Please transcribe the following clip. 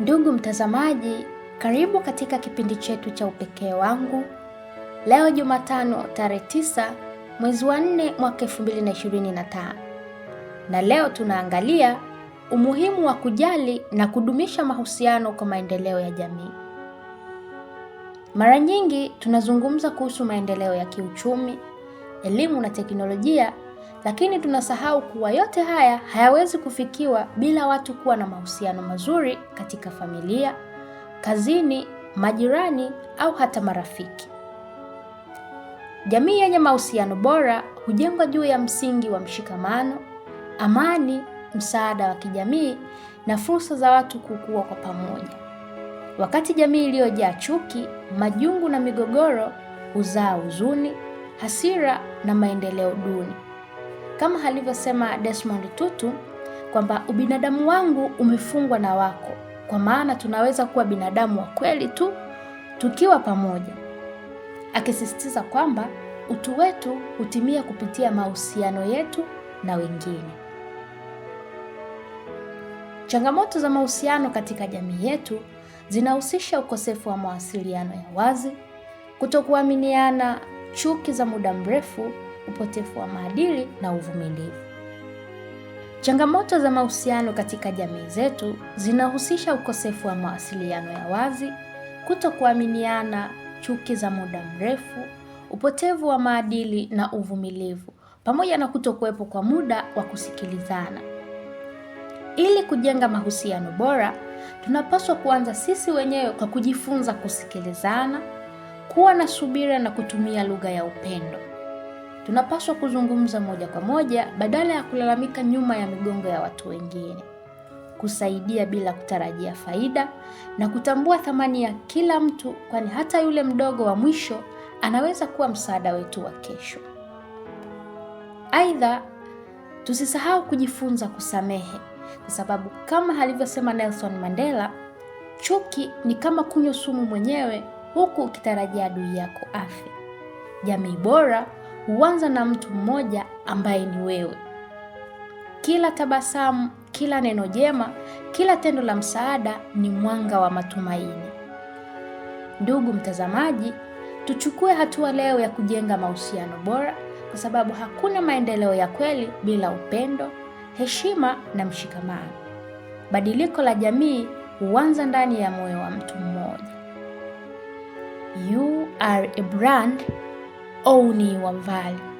Ndugu mtazamaji, karibu katika kipindi chetu cha Upekee wangu. Leo Jumatano tarehe 9 mwezi wa 4 mwaka 2025, na leo tunaangalia umuhimu wa kujali na kudumisha mahusiano kwa maendeleo ya jamii. Mara nyingi tunazungumza kuhusu maendeleo ya kiuchumi, elimu na teknolojia lakini tunasahau kuwa yote haya hayawezi kufikiwa bila watu kuwa na mahusiano mazuri katika familia, kazini, majirani au hata marafiki. Jamii yenye mahusiano bora hujengwa juu ya msingi wa mshikamano, amani, msaada wa kijamii na fursa za watu kukua kwa pamoja. Wakati jamii iliyojaa chuki, majungu na migogoro huzaa huzuni, hasira na maendeleo duni kama alivyosema Desmond Tutu kwamba ubinadamu wangu umefungwa na wako, kwa maana tunaweza kuwa binadamu wa kweli tu tukiwa pamoja, akisisitiza kwamba utu wetu hutimia kupitia mahusiano yetu na wengine. Changamoto za mahusiano katika jamii yetu zinahusisha ukosefu wa mawasiliano ya wazi, kutokuaminiana, chuki za muda mrefu upotefu wa maadili na uvumilivu. Changamoto za mahusiano katika jamii zetu zinahusisha ukosefu wa mawasiliano ya wazi, kutokuaminiana, chuki za muda mrefu, upotevu wa maadili na uvumilivu, pamoja na kutokuwepo kwa muda wa kusikilizana. Ili kujenga mahusiano bora, tunapaswa kuanza sisi wenyewe kwa kujifunza kusikilizana, kuwa na subira na kutumia lugha ya upendo tunapaswa kuzungumza moja kwa moja badala ya kulalamika nyuma ya migongo ya watu wengine, kusaidia bila kutarajia faida na kutambua thamani ya kila mtu, kwani hata yule mdogo wa mwisho anaweza kuwa msaada wetu wa kesho. Aidha, tusisahau kujifunza kusamehe, kwa sababu kama alivyosema Nelson Mandela, chuki ni kama kunywa sumu mwenyewe huku ukitarajia adui yako afe. Jamii bora huanza na mtu mmoja ambaye ni wewe. Kila tabasamu, kila neno jema, kila tendo la msaada ni mwanga wa matumaini. Ndugu mtazamaji, tuchukue hatua leo ya kujenga mahusiano bora, kwa sababu hakuna maendeleo ya kweli bila upendo, heshima na mshikamano. Badiliko la jamii huanza ndani ya moyo wa mtu mmoja. You are a brand. only one value.